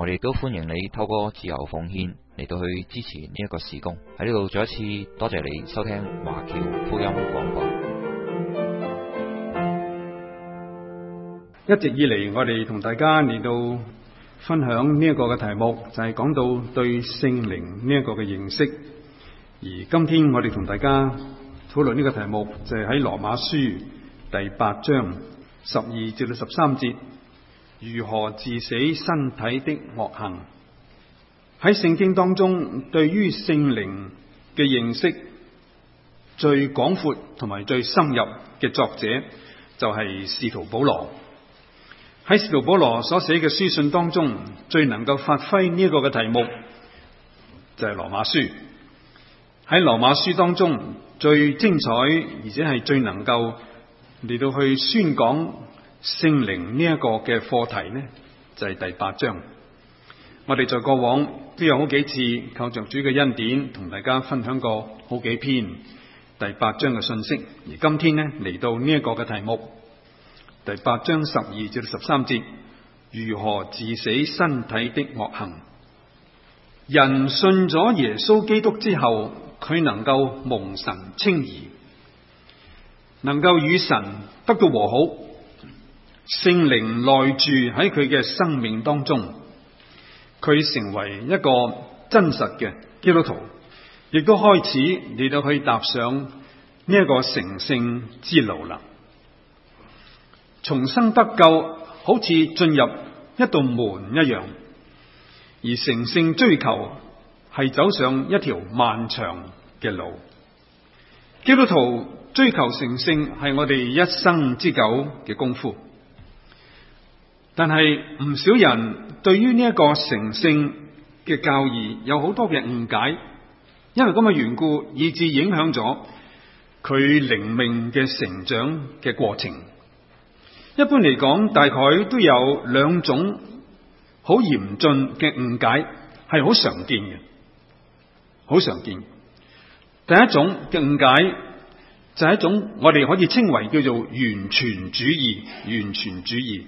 我哋都歡迎你透過自由奉獻嚟到去支持呢一個事工。喺呢度再一次多謝你收聽華僑福音廣播。一直以嚟，我哋同大家嚟到分享呢一個嘅題目，就係、是、講到對聖靈呢一個嘅認識。而今天我哋同大家討論呢個題目，就係、是、喺羅馬書第八章十二至到十三節。如何治死身體的惡行？喺聖經當中，對於聖靈嘅認識最廣闊同埋最深入嘅作者就係使徒保羅。喺使徒保羅所寫嘅書信當中，最能夠發揮呢一個嘅題目就係羅馬書。喺羅馬書當中，最精彩而且係最能夠嚟到去宣講。聖靈呢一個嘅課題呢，就係第八章。我哋在過往都有好幾次靠著主嘅恩典，同大家分享過好幾篇第八章嘅信息。而今天呢，嚟到呢一個嘅題目，第八章十二至十三節，如何治死身體的惡行？人信咗耶穌基督之後，佢能夠蒙神稱義，能夠與神得到和好。聖靈內住喺佢嘅生命當中，佢成為一個真實嘅基督徒，亦都開始嚟到可以踏上呢一個成聖之路啦。重生得救好似進入一道門一樣，而成聖追求係走上一條漫長嘅路。基督徒追求成聖係我哋一生之久嘅功夫。但係唔少人對於呢一個成聖嘅教義有好多嘅誤解，因為咁嘅緣故，以致影響咗佢靈命嘅成長嘅過程。一般嚟講，大概都有兩種好嚴峻嘅誤解，係好常見嘅，好常見。第一種嘅誤解就係、是、一種我哋可以稱為叫做完全主義，完全主義。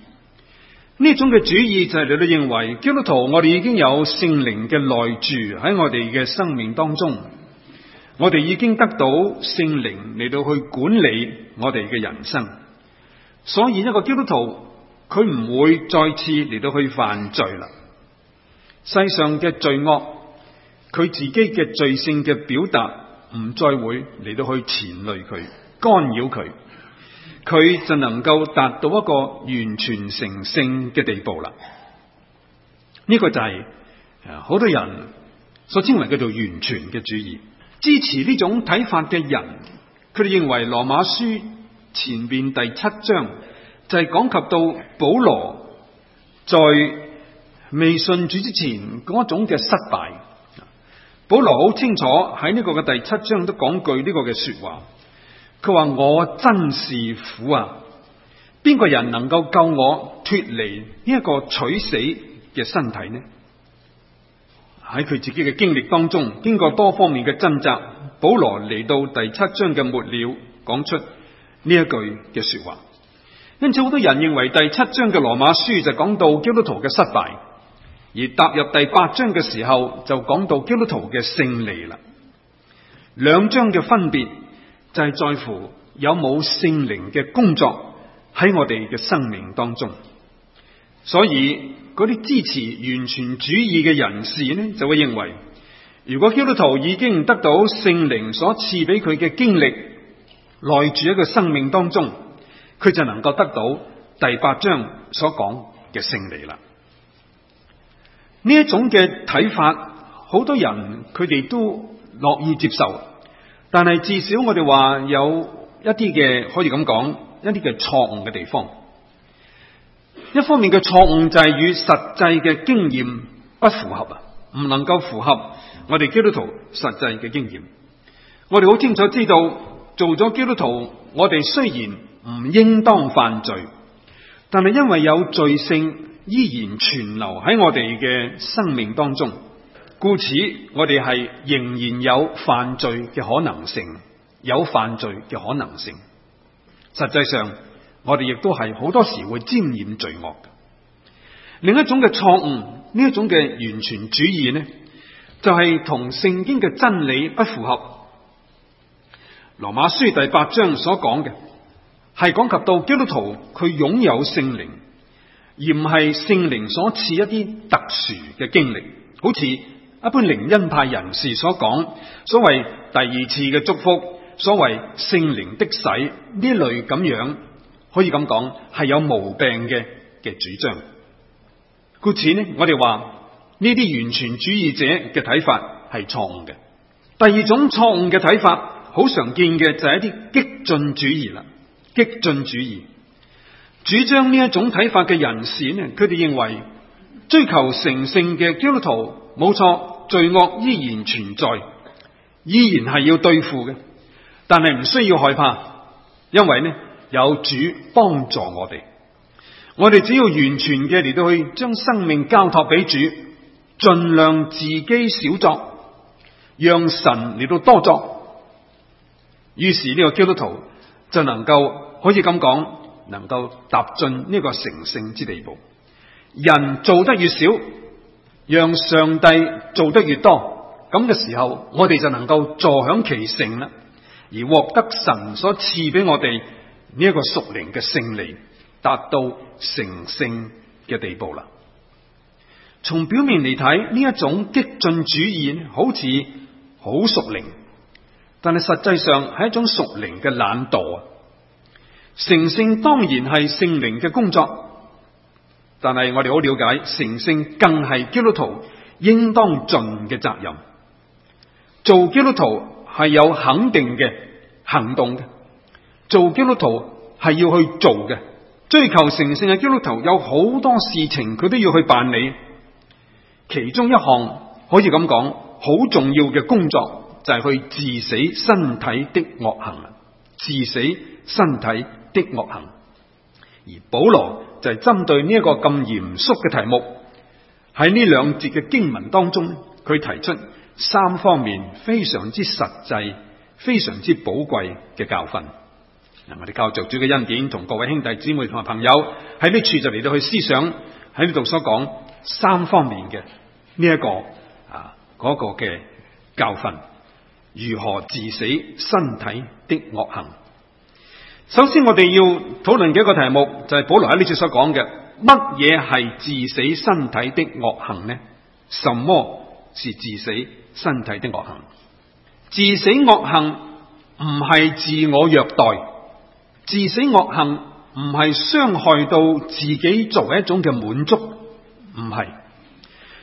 呢種嘅主義就係你哋認為基督徒，我哋已經有聖靈嘅內住喺我哋嘅生命當中，我哋已經得到聖靈嚟到去管理我哋嘅人生，所以一個基督徒佢唔會再次嚟到去犯罪啦。世上嘅罪惡，佢自己嘅罪性嘅表達唔再會嚟到去纏累佢，干擾佢，佢就能夠達到一個完全成聖嘅地步啦。呢個就係誒好多人所稱為叫做完全嘅主義。支持呢種睇法嘅人，佢哋認為羅馬書前面第七章就係講及到保羅在未信主之前嗰種嘅失敗。保羅好清楚喺呢個嘅第七章都講句呢個嘅説話。佢話我真是苦啊！邊個人能夠救我脱離呢一個取死嘅身體呢？喺佢自己嘅經歷當中，經過多方面嘅掙扎，保羅嚟到第七章嘅末了，講出呢一句嘅說話。因此，好多人認為第七章嘅羅馬書就講到基督徒嘅失敗，而踏入第八章嘅時候就講到基督徒嘅勝利啦。兩章嘅分別。就係在乎有冇聖靈嘅工作喺我哋嘅生命當中，所以嗰啲支持完全主義嘅人士呢，就會認為如果基督徒已經得到聖靈所賜俾佢嘅經歷，內住喺佢生命當中，佢就能夠得到第八章所講嘅勝利啦。呢一種嘅睇法，好多人佢哋都樂意接受。但係至少我哋話有一啲嘅可以咁講，一啲嘅錯誤嘅地方。一方面嘅錯誤就係與實際嘅經驗不符合啊，唔能夠符合我哋基督徒實際嘅經驗。我哋好清楚知道，做咗基督徒，我哋雖然唔應當犯罪，但係因為有罪性依然存留喺我哋嘅生命當中。故此，我哋係仍然有犯罪嘅可能性，有犯罪嘅可能性。實際上，我哋亦都係好多時會沾染罪惡嘅。另一種嘅錯誤，呢一種嘅完全主義呢，就係同聖經嘅真理不符合。羅馬書第八章所講嘅，係講及到基督徒佢擁有聖靈，而唔係聖靈所賜一啲特殊嘅經歷，好似。一般靈恩派人士所講，所謂第二次嘅祝福，所謂聖靈的洗，呢類咁樣，可以咁講係有毛病嘅嘅主張。故此呢，我哋話呢啲完全主義者嘅睇法係錯誤嘅。第二種錯誤嘅睇法，好常見嘅就係一啲激進主義啦。激進主義主張呢一種睇法嘅人士咧，佢哋認為。追求成聖嘅基督徒冇錯，罪惡依然存在，依然係要對付嘅，但係唔需要害怕，因為呢有主幫助我哋，我哋只要完全嘅嚟到去將生命交託俾主，盡量自己少作，讓神嚟到多作，於是呢個基督徒就能夠可以咁講，能夠踏進呢個成聖之地步。人做得越少，讓上帝做得越多，咁嘅時候，我哋就能夠坐享其成啦，而獲得神所賜俾我哋呢一個屬靈嘅勝利，達到成聖嘅地步啦。從表面嚟睇，呢一種激進主義好似好屬靈，但係實際上係一種屬靈嘅懶惰啊！成聖當然係聖靈嘅工作。但係我哋好了解，成聖更係基督徒應當盡嘅責任。做基督徒係有肯定嘅行動嘅，做基督徒係要去做嘅。追求成聖嘅基督徒有好多事情佢都要去辦理，其中一項可以咁講，好重要嘅工作就係去治死身體的惡行啊！治死身體的惡行，而保羅就係針對呢一個咁嚴肅嘅題目，喺呢兩節嘅經文當中，佢提出三方面非常之實際、非常之寶貴嘅教訓。嗱，我哋靠住主嘅恩典，同各位兄弟姊妹同埋朋友喺呢處就嚟到去思想喺呢度所講三方面嘅呢一個啊嗰個嘅教訓，如何治死身體的惡行。首先，我哋要討論嘅一個題目，就係、是、保羅喺呢次所講嘅，乜嘢係治死身體的惡行呢？什麼是治死身體的惡行？治死惡行唔係自我虐待，治死惡行唔係傷害到自己作為一種嘅滿足，唔係。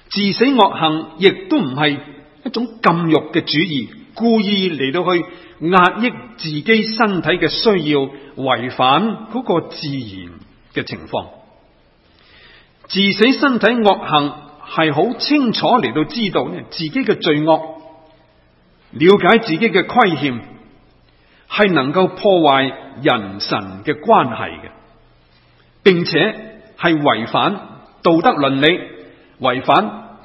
治死惡行亦都唔係一種禁欲嘅主義，故意嚟到去。壓抑自己身體嘅需要，違反嗰個自然嘅情況，治死身體惡行係好清楚嚟到知道自己嘅罪惡，了解自己嘅虧欠，係能夠破壞人神嘅關係嘅，並且係違反道德倫理，違反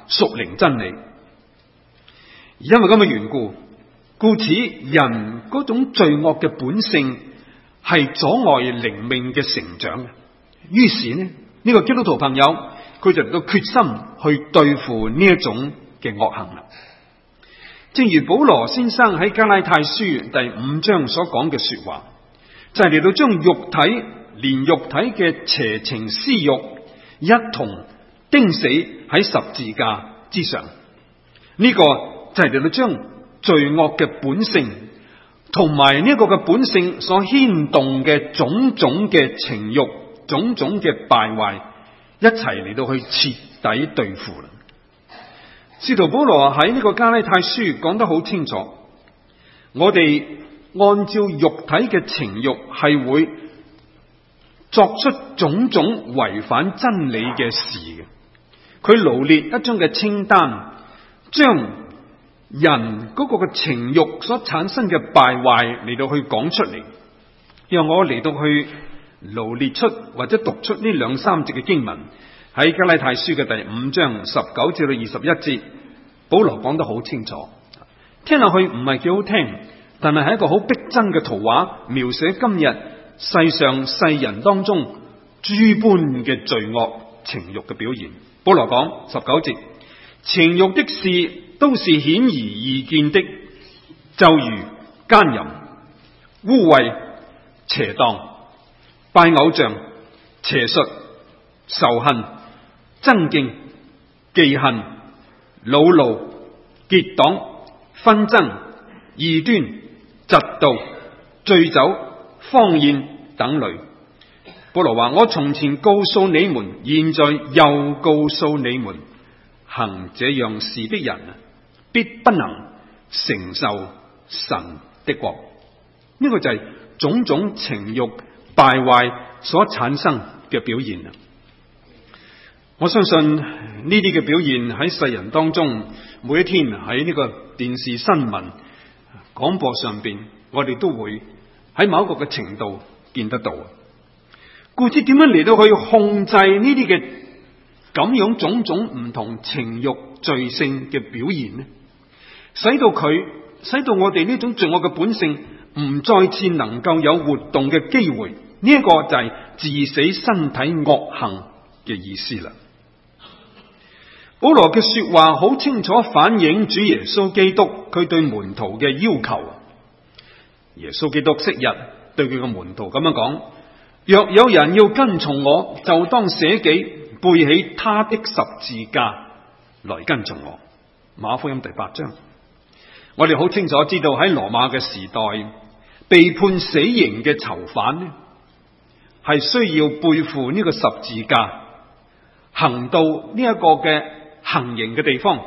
屬靈真理，而因為咁嘅緣故。故此，人嗰種罪惡嘅本性係阻礙靈命嘅成長。於是呢，呢呢個基督徒朋友佢就嚟到決心去對付呢一種嘅惡行啦。正如保羅先生喺加拉太書第五章所講嘅說話，就係嚟到將肉體連肉體嘅邪情私慾一同釘死喺十字架之上。呢個就係嚟到將。罪惡嘅本性，同埋呢一個嘅本性所牽動嘅種種嘅情欲，種種嘅敗壞，一齊嚟到去徹底對付啦。使徒保羅喺呢個加拉太書講得好清楚，我哋按照肉體嘅情欲係會作出種種違反真理嘅事嘅。佢羅列一張嘅清單，將。人嗰個嘅情欲所產生嘅敗壞嚟到去講出嚟，讓我嚟到去羅列出或者讀出呢兩三節嘅經文，喺加拉太書嘅第五章十九至到二十一節，保羅講得好清楚。聽落去唔係幾好聽，但係係一個好逼真嘅圖畫，描寫今日世上世人當中諸般嘅罪惡情欲嘅表現。保羅講十九節，情欲的事，都是顯而易見的，就如奸淫、污穢、邪蕩、拜偶像、邪術、仇恨、爭競、忌恨、恨、惱怒、結黨、紛爭、異端、嫉妒、醉酒、荒宴等類。保羅話：我從前告訴你們，現在又告訴你們，行這樣事的人啊！必不能承受神的國，呢個就係種種情慾敗壞所產生嘅表現啊。我相信呢啲嘅表現喺世人當中，每一天喺呢個電視新聞廣播上邊，我哋都會喺某一個嘅程度見得到。啊。故此，點樣嚟到去控制呢啲嘅咁樣種種唔同情慾罪性嘅表現呢？使到佢，使到我哋呢種罪惡嘅本性唔再次能夠有活動嘅機會，呢一個就係治死身體惡行嘅意思啦。保羅嘅說話好清楚，反映主耶穌基督佢對門徒嘅要求。耶穌基督昔日對佢嘅門徒咁樣講：若有人要跟從我，就當捨己背起他的十字架來跟從我。馬福音第八章。我哋好清楚知道喺羅馬嘅時代，被判死刑嘅囚犯呢，係需要背負呢個十字架，行到呢一個嘅行刑嘅地方，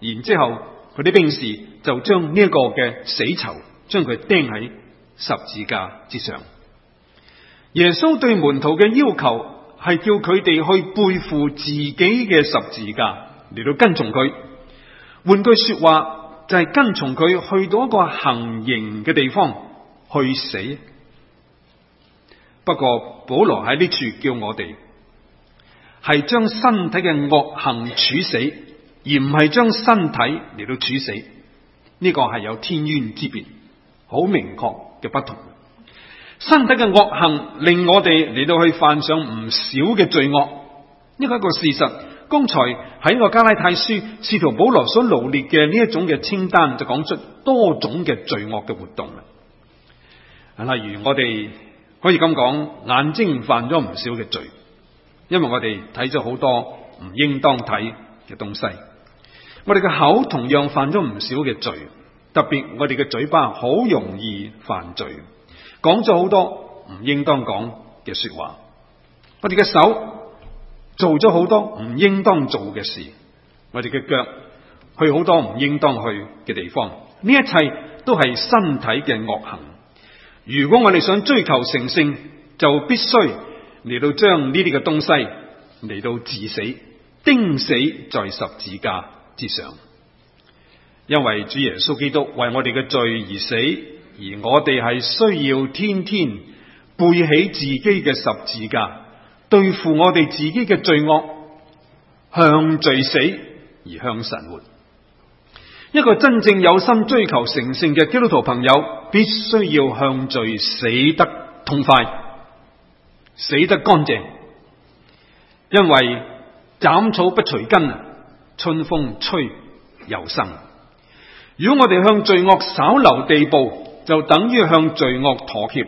然之後佢啲兵士就將呢一個嘅死囚將佢釘喺十字架之上。耶穌對門徒嘅要求係叫佢哋去背負自己嘅十字架嚟到跟從佢。換句說話。就係跟從佢去到一個行刑嘅地方去死。不過保羅喺呢處叫我哋係將身體嘅惡行處死，而唔係將身體嚟到處死。呢個係有天淵之別，好明確嘅不同。身體嘅惡行令我哋嚟到去犯上唔少嘅罪惡，呢個係一個事實。剛才喺《我加拉太書》，使徒保羅所羅列嘅呢一種嘅清單，就講出多種嘅罪惡嘅活動啦。例如，我哋可以咁講，眼睛犯咗唔少嘅罪，因為我哋睇咗好多唔應當睇嘅東西。我哋嘅口同樣犯咗唔少嘅罪，特別我哋嘅嘴巴好容易犯罪，講咗好多唔應當講嘅說話。我哋嘅手，做咗好多唔應當做嘅事，我哋嘅腳去好多唔應當去嘅地方，呢一切都係身體嘅惡行。如果我哋想追求成聖，就必須嚟到將呢啲嘅東西嚟到治死，釘死在十字架之上。因為主耶穌基督為我哋嘅罪而死，而我哋係需要天天背起自己嘅十字架。對付我哋自己嘅罪惡，向罪死而向神活。一個真正有心追求成聖嘅基督徒朋友，必須要向罪死得痛快，死得乾淨。因為斬草不除根啊，春風吹又生。如果我哋向罪惡稍留地步，就等於向罪惡妥協，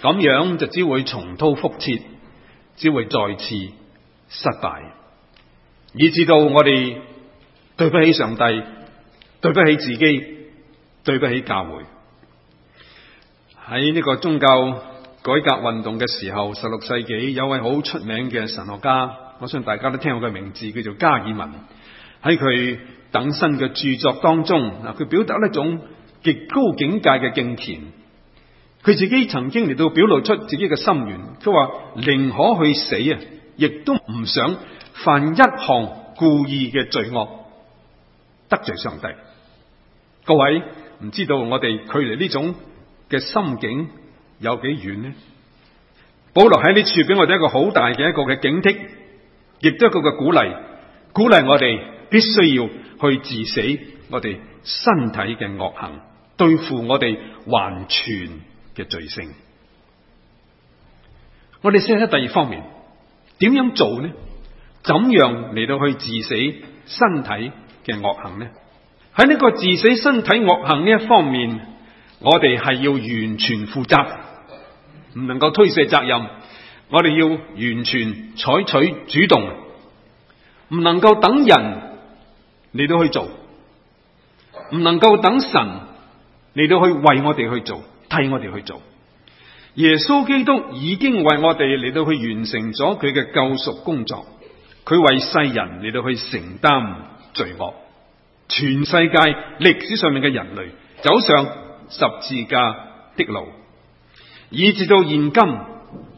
咁樣就只會重蹈覆轍。只會再次失敗，以致到我哋對不起上帝，對不起自己，對不起教會。喺呢個宗教改革運動嘅時候，十六世紀有位好出名嘅神學家，我相信大家都聽過佢嘅名字叫做加爾文。喺佢等身嘅著作當中，嗱，佢表達一種極高境界嘅敬虔。佢自己曾經嚟到表露出自己嘅心願，佢話寧可去死啊，亦都唔想犯一項故意嘅罪惡得罪上帝。各位唔知道我哋距離呢種嘅心境有幾遠呢？保羅喺呢處俾我哋一個好大嘅一個嘅警惕，亦都一個嘅鼓勵，鼓勵我哋必須要去治死我哋身體嘅惡行，對付我哋還全嘅罪性，我哋先睇第二方面，點樣做呢？怎樣嚟到去治死身體嘅惡行呢？喺呢個治死身體惡行呢一方面，我哋係要完全負責，唔能夠推卸責任。我哋要完全採取主動，唔能夠等人嚟到去做，唔能夠等神嚟到去為我哋去做。替我哋去做，耶穌基督已經為我哋嚟到去完成咗佢嘅救贖工作，佢為世人嚟到去承擔罪惡。全世界歷史上面嘅人類走上十字架的路，以至到現今，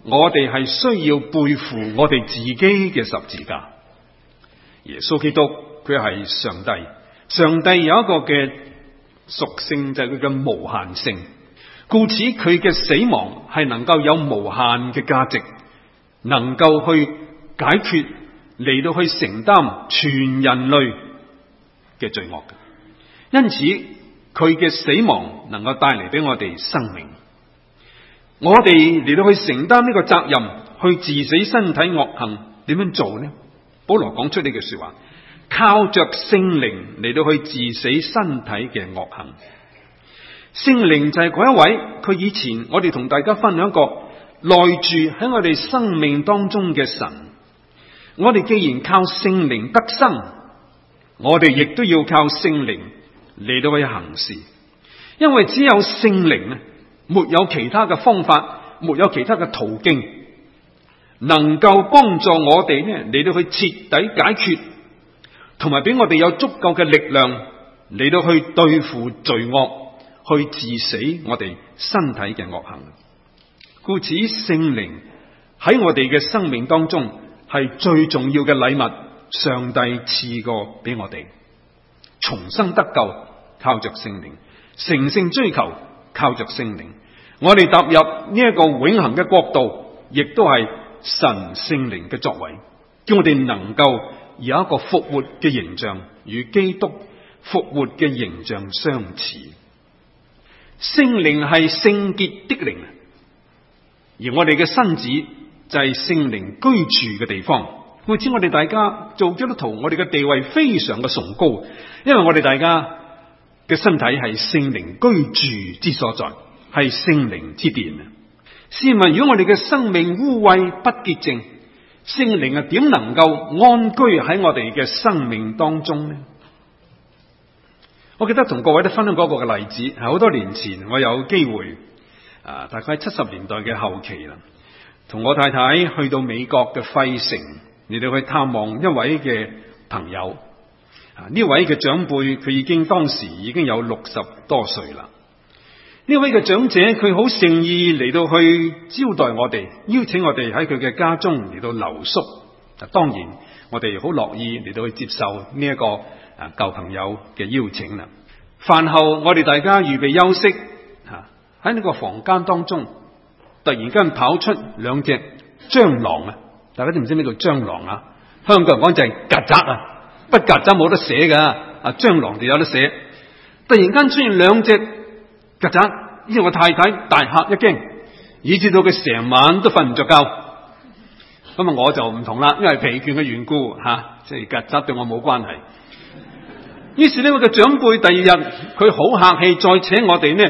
我哋係需要背負我哋自己嘅十字架。耶穌基督佢係上帝，上帝有一個嘅屬性就係佢嘅無限性。故此，佢嘅死亡係能夠有無限嘅價值，能夠去解決嚟到去承擔全人類嘅罪惡嘅。因此，佢嘅死亡能夠帶嚟俾我哋生命。我哋嚟到去承擔呢個責任，去治死身體惡行，點樣做呢？保羅講出呢句說話：靠着聖靈嚟到去治死身體嘅惡行。聖靈就係嗰一位，佢以前我哋同大家分享過，一個內住喺我哋生命當中嘅神。我哋既然靠聖靈得生，我哋亦都要靠聖靈嚟到去行事，因為只有聖靈啊，沒有其他嘅方法，沒有其他嘅途徑，能夠幫助我哋咧嚟到去徹底解決，同埋俾我哋有足夠嘅力量嚟到去對付罪惡。去治死我哋身體嘅惡行，故此聖靈喺我哋嘅生命當中係最重要嘅禮物。上帝賜過俾我哋重生得救，靠着聖靈，成聖追求，靠着聖靈，我哋踏入呢一個永恆嘅國度，亦都係神聖靈嘅作為，叫我哋能夠有一個復活嘅形象，與基督復活嘅形象相似。聖靈係聖潔的靈，而我哋嘅身子就係聖靈居住嘅地方。每次我哋大家做基督徒，我哋嘅地位非常嘅崇高，因為我哋大家嘅身體係聖靈居住之所在，係聖靈之殿啊！試問，如果我哋嘅生命污穢不潔淨，聖靈啊點能夠安居喺我哋嘅生命當中呢？我記得同各位都分享嗰個嘅例子，係好多年前我有機會，啊，大概七十年代嘅後期啦，同我太太去到美國嘅費城嚟到去探望一位嘅朋友。啊，呢位嘅長輩佢已經當時已經有六十多歲啦。呢位嘅長者佢好誠意嚟到去招待我哋，邀請我哋喺佢嘅家中嚟到留宿。嗱，當然我哋好樂意嚟到去接受呢一個。啊！舊朋友嘅邀請啦。飯後我哋大家預備休息嚇，喺呢個房間當中，突然間跑出兩隻蟑螂啊！大家知唔知咩叫蟑螂啊？香港人講就係曱甴啊，不曱甴冇得寫噶，啊蟑螂就有得寫。突然間出現兩隻曱甴，呢個我太太大嚇一驚，以至到佢成晚都瞓唔着覺。咁啊，我就唔同啦，因為疲倦嘅緣故嚇，即係曱甴對我冇關係。於是呢個嘅長輩第二日佢好客氣，再請我哋呢，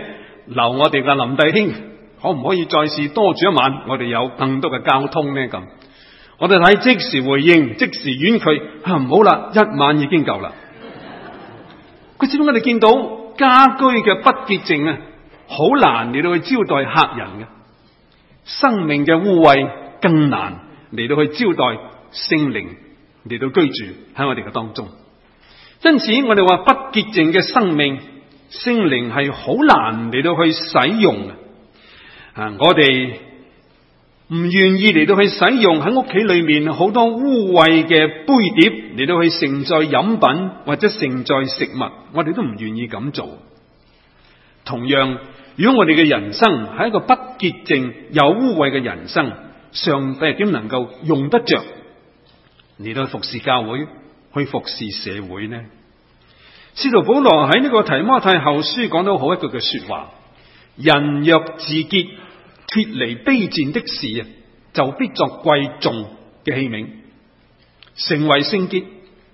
留我哋嘅林弟兄，可唔可以再試多住一晚？我哋有更多嘅交通呢咁。我哋睇即時回應，即時婉拒，唔好啦，一晚已經夠啦。佢只不過我哋見到家居嘅不潔淨啊，好難嚟到去招待客人嘅，生命嘅污穢更難嚟到去招待聖靈嚟到，到居住喺我哋嘅當中。因此，真我哋話不潔淨嘅生命，聖靈係好難嚟到去使用啊，我哋唔願意嚟到去使用喺屋企裏面好多污穢嘅杯碟嚟到去承載飲品或者承載食物，我哋都唔願意咁做。同樣，如果我哋嘅人生係一個不潔淨又污穢嘅人生，上帝點能夠用得着嚟到服侍教會？去服侍社會呢？使徒保羅喺呢個提摩太後書講到好一句嘅說話：人若自潔，脫離卑賤的事，就必作貴重嘅器皿，成為聖潔、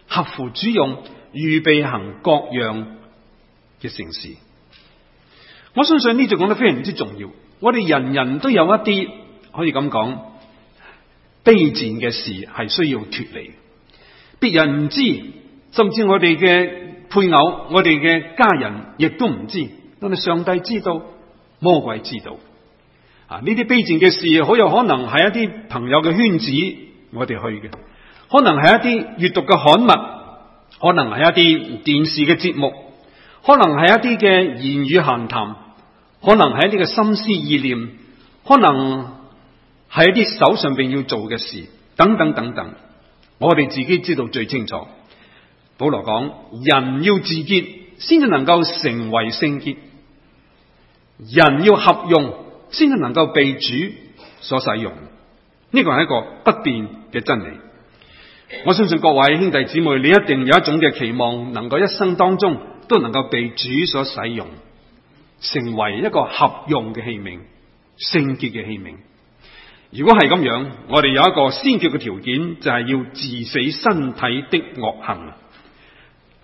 合乎主用、預備行各樣嘅善事。我相信呢句講得非常之重要。我哋人人都有一啲可以咁講卑賤嘅事，係需要脫離。別人唔知，甚至我哋嘅配偶、我哋嘅家人亦都唔知，但係上帝知道、魔鬼知道。啊，呢啲卑賤嘅事，好有可能係一啲朋友嘅圈子，我哋去嘅，可能係一啲閱讀嘅刊物，可能係一啲電視嘅節目，可能係一啲嘅言語閒談，可能係一啲嘅心思意念，可能係一啲手上邊要做嘅事，等等等等。我哋自己知道最清楚。保羅講：人要自潔，先至能夠成為聖潔；人要合用，先至能夠被主所使用。呢個係一個不變嘅真理。我相信各位兄弟姊妹，你一定有一種嘅期望，能夠一生當中都能夠被主所使用，成為一個合用嘅器皿，聖潔嘅器皿。如果係咁樣，我哋有一個先決嘅條件，就係、是、要治死身體的惡行。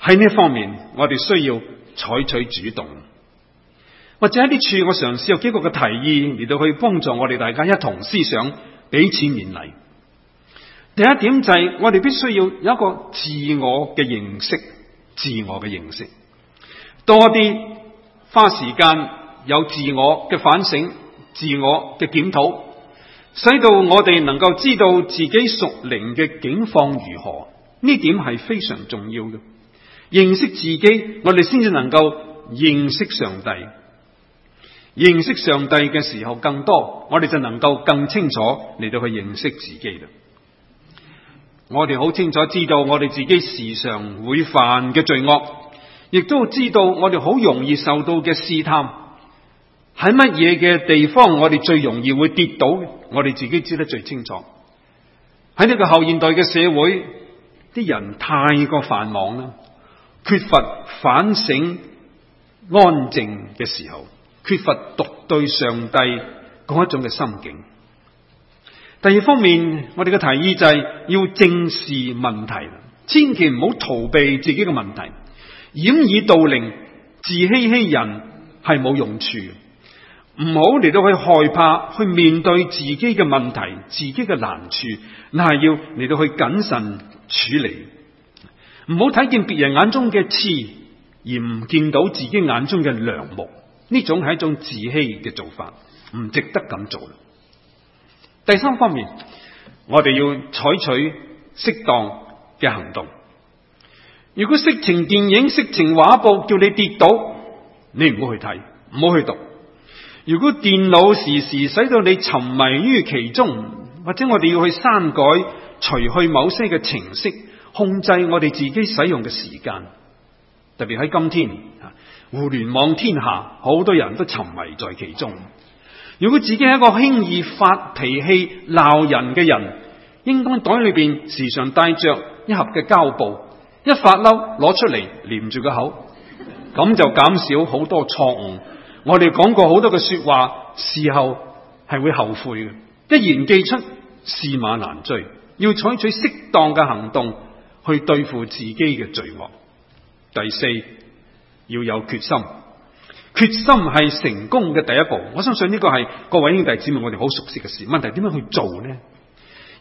喺呢一方面，我哋需要採取主動，或者一啲處我嘗試有幾個嘅提議，嚟到去幫助我哋大家一同思想，彼此勉勵。第一點就係、是、我哋必須要有一個自我嘅認識，自我嘅認識，多啲花時間有自我嘅反省，自我嘅檢討。使到我哋能夠知道自己屬靈嘅境況如何，呢點係非常重要嘅。認識自己，我哋先至能夠認識上帝。認識上帝嘅時候更多，我哋就能夠更清楚嚟到去認識自己啦。我哋好清楚知道我哋自己時常會犯嘅罪惡，亦都知道我哋好容易受到嘅試探。喺乜嘢嘅地方，我哋最容易會跌倒，我哋自己知道得最清楚。喺呢個後現代嘅社會，啲人太過繁忙啦，缺乏反省安靜嘅時候，缺乏獨對上帝嗰一種嘅心境。第二方面，我哋嘅提議就係要正視問題，千祈唔好逃避自己嘅問題，掩耳盜鈴、自欺欺人係冇用處。唔好嚟到去害怕去面對自己嘅問題、自己嘅難處，你係要嚟到去謹慎處理。唔好睇見別人眼中嘅刺，而唔見到自己眼中嘅梁木，呢種係一種自欺嘅做法，唔值得咁做。第三方面，我哋要採取適當嘅行動。如果色情電影、色情畫報叫你跌倒，你唔好去睇，唔好去讀。如果電腦時時使到你沉迷於其中，或者我哋要去刪改、除去某些嘅程式，控制我哋自己使用嘅時間，特別喺今天，互聯網天下，好多人都沉迷在其中。如果自己係一個輕易發脾氣、鬧人嘅人，應該袋裏邊時常帶着一盒嘅膠布，一發嬲攞出嚟黏住個口，咁就減少好多錯誤。我哋講過好多嘅說話，事後係會後悔嘅。一言既出，駟馬難追。要採取適當嘅行動去對付自己嘅罪惡。第四，要有決心，決心係成功嘅第一步。我相信呢個係各位兄弟姊妹我哋好熟悉嘅事。問題點樣去做呢？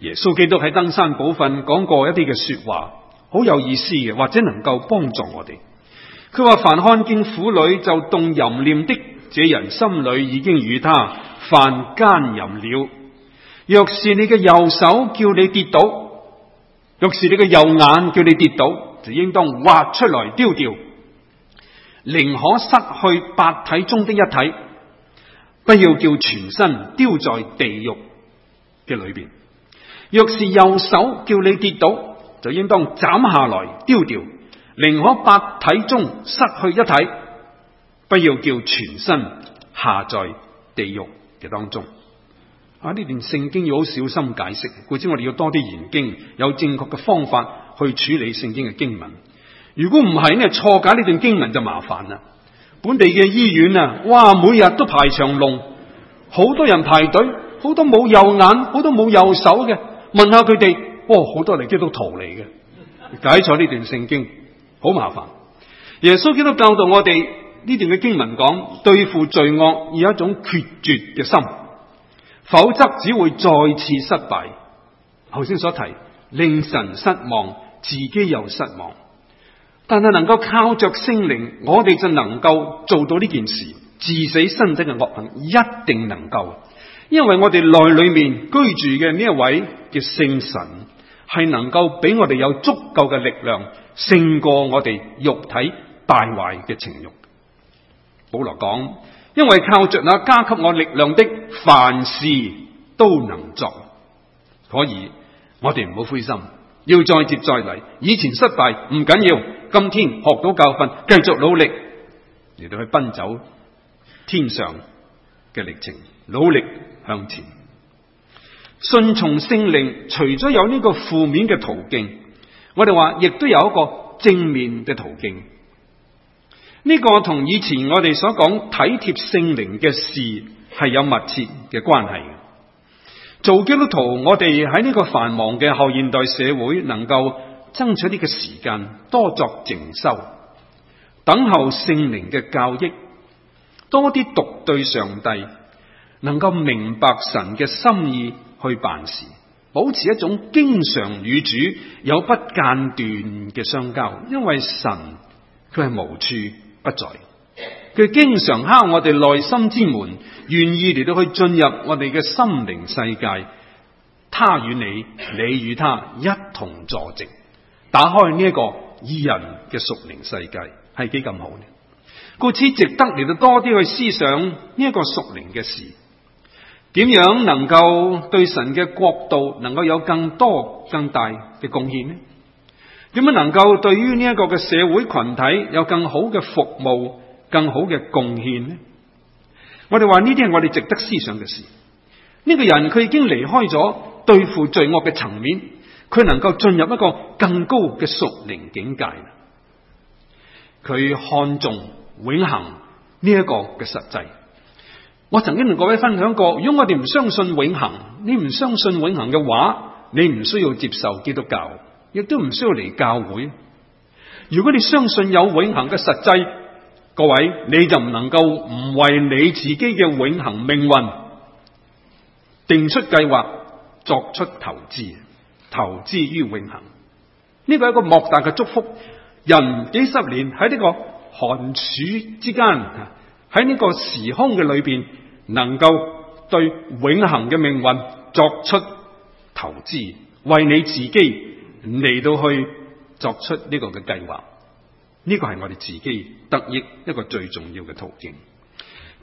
耶穌基督喺登山寶訓講過一啲嘅說話，好有意思嘅，或者能夠幫助我哋。佢話凡看見婦女就動淫念的。這人心裏已經與他犯奸淫了。若是你嘅右手叫你跌倒，若是你嘅右眼叫你跌倒，就應當挖出來丟掉，寧可失去百體中的一體，不要叫全身丟在地獄嘅裏邊。若是右手叫你跌倒，就應當斬下來丟掉，寧可百體中失去一體，不要叫全身下在地獄嘅當中啊！呢段聖經要好小心解釋，故知我哋要多啲研經，有正確嘅方法去處理聖經嘅經文。如果唔係咧，錯解呢段經文就麻煩啦。本地嘅醫院啊，哇，每日都排長龍，好多人排隊，好多冇右眼，好多冇右手嘅，問下佢哋，哇、哦，好多人係基督徒嚟嘅，解錯呢段聖經好麻煩。耶穌基督教導我哋。呢段嘅經文講對付罪惡，要有一種決絕嘅心，否則只會再次失敗。頭先所提令神失望，自己又失望。但係能夠靠着聖靈，我哋就能夠做到呢件事，治死身體嘅惡行一定能夠，因為我哋內裏面居住嘅呢一位嘅聖神係能夠俾我哋有足夠嘅力量勝過我哋肉體敗壞嘅情欲。保羅講：因為靠着那加給我力量的，「凡事都能做」，所以，我哋唔好灰心，要再接再厲。以前失敗唔緊要，今天學到教訓，繼續努力嚟到去奔走天上嘅歷程，努力向前。順從聖靈，除咗有呢個負面嘅途徑，我哋話亦都有一個正面嘅途徑。呢個同以前我哋所講體貼聖靈嘅事係有密切嘅關係嘅。做基督徒，我哋喺呢個繁忙嘅後現代社會，能夠爭取呢個時間多作靜修，等候聖靈嘅教益，多啲讀，對上帝，能夠明白神嘅心意去辦事，保持一種經常與主有不間斷嘅相交，因為神佢係無處不在，佢經常敲我哋內心之門，願意嚟到去進入我哋嘅心靈世界。他與你，你與他一同坐席，打開呢一個二人嘅屬靈世界，係幾咁好呢？故此值得嚟到多啲去思想呢一個屬靈嘅事，點樣能夠對神嘅國度能夠有更多更大嘅貢獻呢？點樣能夠對於呢一個嘅社會群體有更好嘅服務、更好嘅貢獻呢？我哋話呢啲係我哋值得思想嘅事。呢、這個人佢已經離開咗對付罪惡嘅層面，佢能夠進入一個更高嘅屬靈境界。佢看重永恒呢一個嘅實際。我曾經同各位分享過，如果我哋唔相信永恒，你唔相信永恒嘅話，你唔需要接受基督教。亦都唔需要嚟教會。如果你相信有永恆嘅實際，各位你就唔能夠唔為你自己嘅永恆命運定出計劃，作出投資，投資於永恆。呢個係一個莫大嘅祝福。人幾十年喺呢個寒暑之間，喺呢個時空嘅裏邊，能夠對永恆嘅命運作出投資，為你自己。嚟到去作出呢個嘅計劃，呢個係我哋自己得益一個最重要嘅途徑。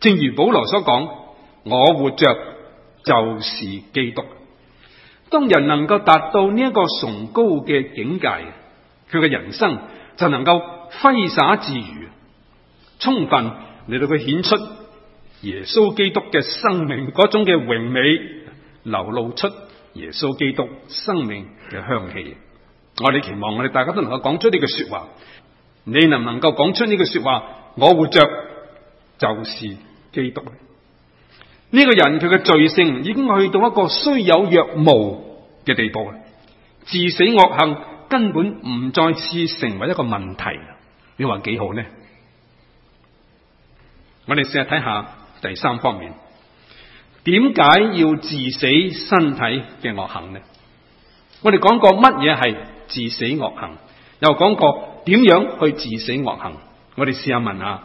正如保羅所講，我活着就是基督。當人能夠達到呢一個崇高嘅境界，佢嘅人生就能夠揮灑自如，充分嚟到佢顯出耶穌基督嘅生命嗰種嘅榮美，流露出耶穌基督生命嘅香氣。我哋期望我哋大家都能夠講出呢句說話，你能唔能夠講出呢句說話？我活着就是基督。呢、這個人佢嘅罪性已經去到一個雖有若無嘅地步，治死惡行根本唔再次成為一個問題。你話幾好呢？我哋試下睇下第三方面，點解要治死身體嘅惡行呢？我哋講過乜嘢係？治死惡行，又講過點樣去治死惡行？我哋試下問下，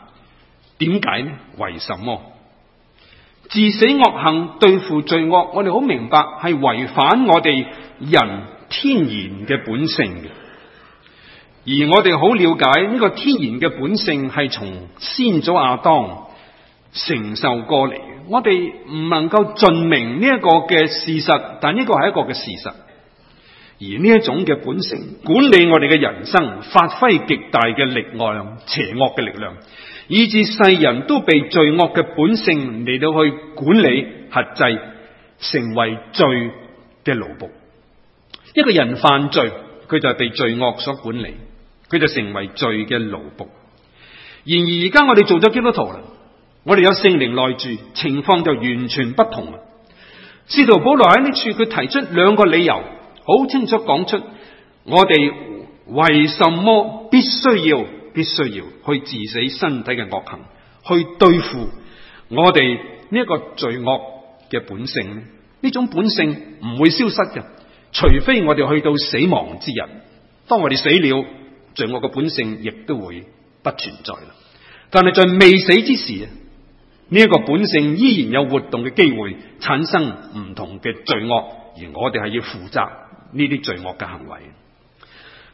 點解呢？為什麼治死惡行對付罪惡？我哋好明白係違反我哋人天然嘅本性嘅，而我哋好了解呢個天然嘅本性係從先祖亞當承受過嚟。我哋唔能夠盡明呢一個嘅事實，但呢個係一個嘅事實。而呢一種嘅本性管理我哋嘅人生，發揮極大嘅力量，邪惡嘅力量，以致世人都被罪惡嘅本性嚟到去管理、轄制，成為罪嘅奴僕。一個人犯罪，佢就係被罪惡所管理，佢就成為罪嘅奴僕。然而而家我哋做咗基督徒啦，我哋有聖靈內住，情況就完全不同啦。使徒保羅喺呢處佢提出兩個理由。好清楚講出，我哋為什麼必須要必須要去治死身體嘅惡行，去對付我哋呢個罪惡嘅本性呢？呢種本性唔會消失嘅，除非我哋去到死亡之日。當我哋死了，罪惡嘅本性亦都會不存在啦。但係在未死之時，呢個本性依然有活動嘅機會，產生唔同嘅罪惡，而我哋係要負責。呢啲罪惡嘅行為，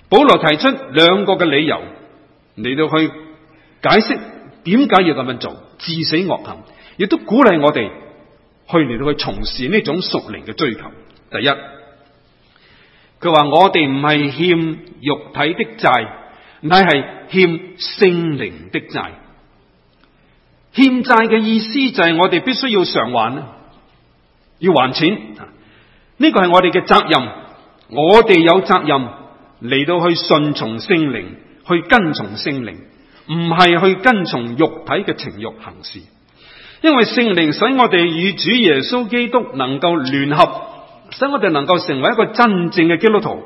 保羅提出兩個嘅理由嚟到去解釋點解要咁樣做，治死惡行，亦都鼓勵我哋去嚟到去從事呢種屬靈嘅追求。第一，佢話我哋唔係欠肉體的債，乃係欠聖靈的債。欠債嘅意思就係我哋必須要償還，要還錢。呢個係我哋嘅責任。我哋有責任嚟到去順從聖靈，去跟從聖靈，唔係去跟從肉體嘅情欲行事。因為聖靈使我哋與主耶穌基督能夠聯合，使我哋能夠成為一個真正嘅基督徒。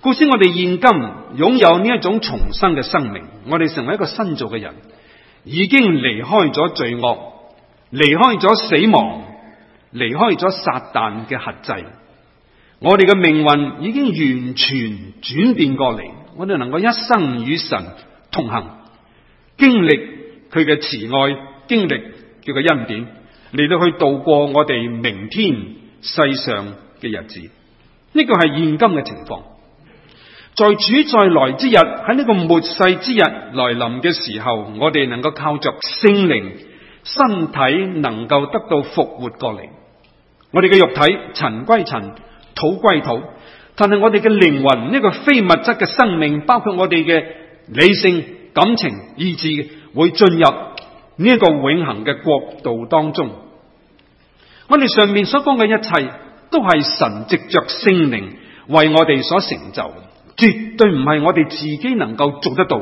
故此，我哋現今擁有呢一種重生嘅生命，我哋成為一個新造嘅人，已經離開咗罪惡，離開咗死亡，離開咗撒旦嘅轄制。我哋嘅命運已經完全轉變過嚟，我哋能夠一生與神同行，經歷佢嘅慈愛，經歷佢嘅恩典，嚟到去度過我哋明天世上嘅日子。呢個係現今嘅情況。在主再來之日，喺呢個末世之日來臨嘅時候，我哋能夠靠着聖靈身體，能夠得到復活過嚟。我哋嘅肉體塵歸塵。土歸土，但係我哋嘅靈魂呢個非物質嘅生命，包括我哋嘅理性、感情、意志，會進入呢一個永恆嘅國度當中。我哋上面所講嘅一切，都係神藉着聖靈為我哋所成就，絕對唔係我哋自己能夠做得到。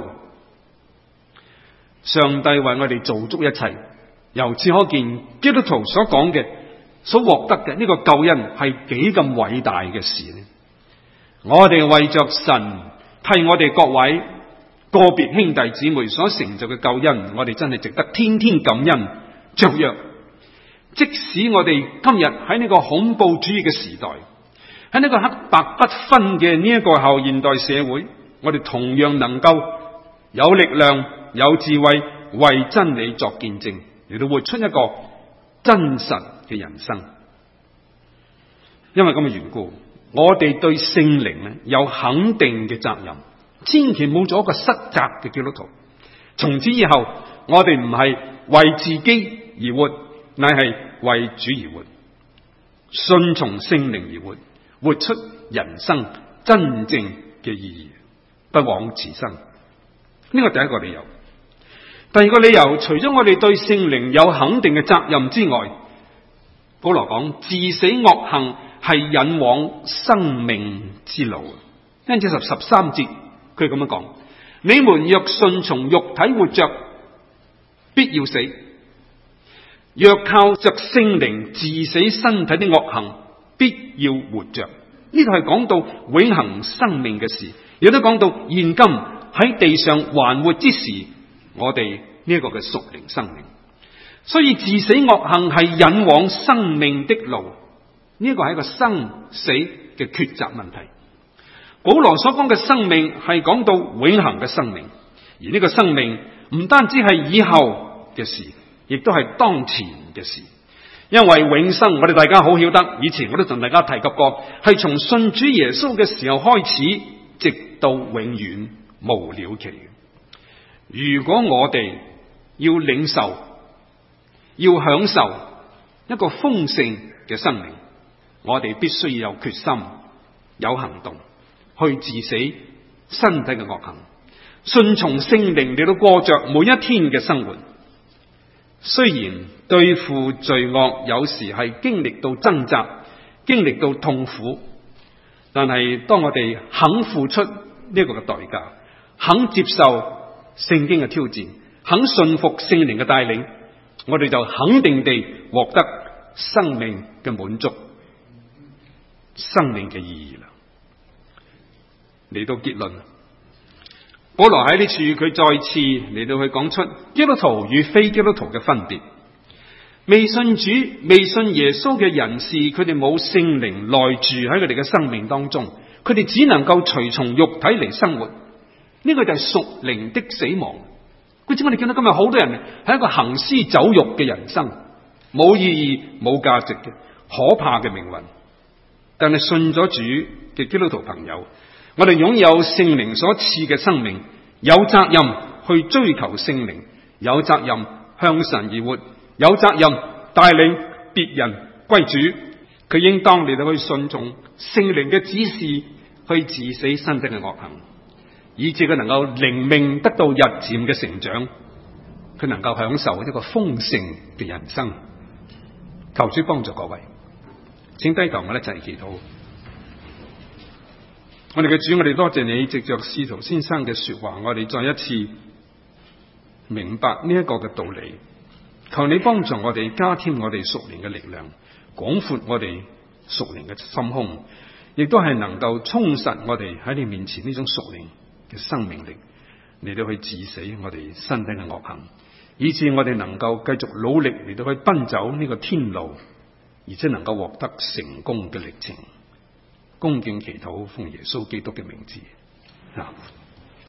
上帝為我哋做足一切，由此可見基督徒所講嘅。所獲得嘅呢個救恩係幾咁偉大嘅事呢？我哋為着神替我哋各位個別兄弟姊妹所成就嘅救恩，我哋真係值得天天感恩雀躍，即使我哋今日喺呢個恐怖主義嘅時代，喺呢個黑白不分嘅呢一個後現代社會，我哋同樣能夠有力量、有智慧為真理作見證，嚟到活出一個真實嘅人生，因為咁嘅緣故，我哋對聖靈咧有肯定嘅責任，千祈冇做一個失責嘅基督徒。從此以後，我哋唔係為自己而活，乃係為主而活，順從聖靈而活，活出人生真正嘅意義，不枉此生。呢個第一個理由。第二個理由，除咗我哋對聖靈有肯定嘅責任之外。保羅講治死惡行係引往生命之路，因此十二十三節佢咁樣講：你們若順從肉體活着，必要死；若靠着聖靈治死身體的惡行，必要活着。呢度係講到永恆生命嘅事，亦都講到現今喺地上還活之時，我哋呢個個嘅屬靈生命。所以治死惡行係引往生命的路，呢個個係一個生死嘅抉擇問題。保羅所講嘅生命係講到永恒嘅生命，而呢個生命唔單止係以後嘅事，亦都係當前嘅事。因為永生，我哋大家好曉得，以前我都同大家提及過，係從信主耶穌嘅時候開始，直到永遠無了期。如果我哋要領受。要享受一個豐盛嘅生命，我哋必須要有決心、有行動去治死身體嘅惡行，順從聖靈，嚟到過着每一天嘅生活。雖然對付罪惡有時係經歷到掙扎、經歷到痛苦，但係當我哋肯付出呢個嘅代價，肯接受聖經嘅挑戰，肯信服聖靈嘅帶領。我哋就肯定地獲得生命嘅滿足，生命嘅意義啦。嚟到結論，保羅喺呢處佢再次嚟到去講出基督徒與非基督徒嘅分別。未信主、未信耶穌嘅人士，佢哋冇聖靈內住喺佢哋嘅生命當中，佢哋只能夠隨從肉體嚟生活。呢、這個就係屬靈的死亡。我哋見到今日好多人係一個行屍走肉嘅人生，冇意義、冇價值嘅可怕嘅命運。但係信咗主嘅基督徒朋友，我哋擁有聖靈所賜嘅生命，有責任去追求聖靈，有責任向神而活，有責任帶領別人歸主。佢應當你哋去順從聖靈嘅指示，去治死身體嘅惡行。以至佢能夠靈命得到日漸嘅成長，佢能夠享受一個豐盛嘅人生。求主幫助各位，請低頭，我哋一齊祈禱。我哋嘅主，我哋多謝你，藉着司徒先生嘅說話，我哋再一次明白呢一個嘅道理。求你幫助我哋，加添我哋屬靈嘅力量，廣闊我哋屬靈嘅心胸，亦都係能夠充實我哋喺你面前呢種屬靈。嘅生命力嚟到去治死我哋身體嘅惡行，以致我哋能夠繼續努力嚟到去奔走呢個天路，而且能夠獲得成功嘅歷程。恭敬祈禱奉耶穌基督嘅名字。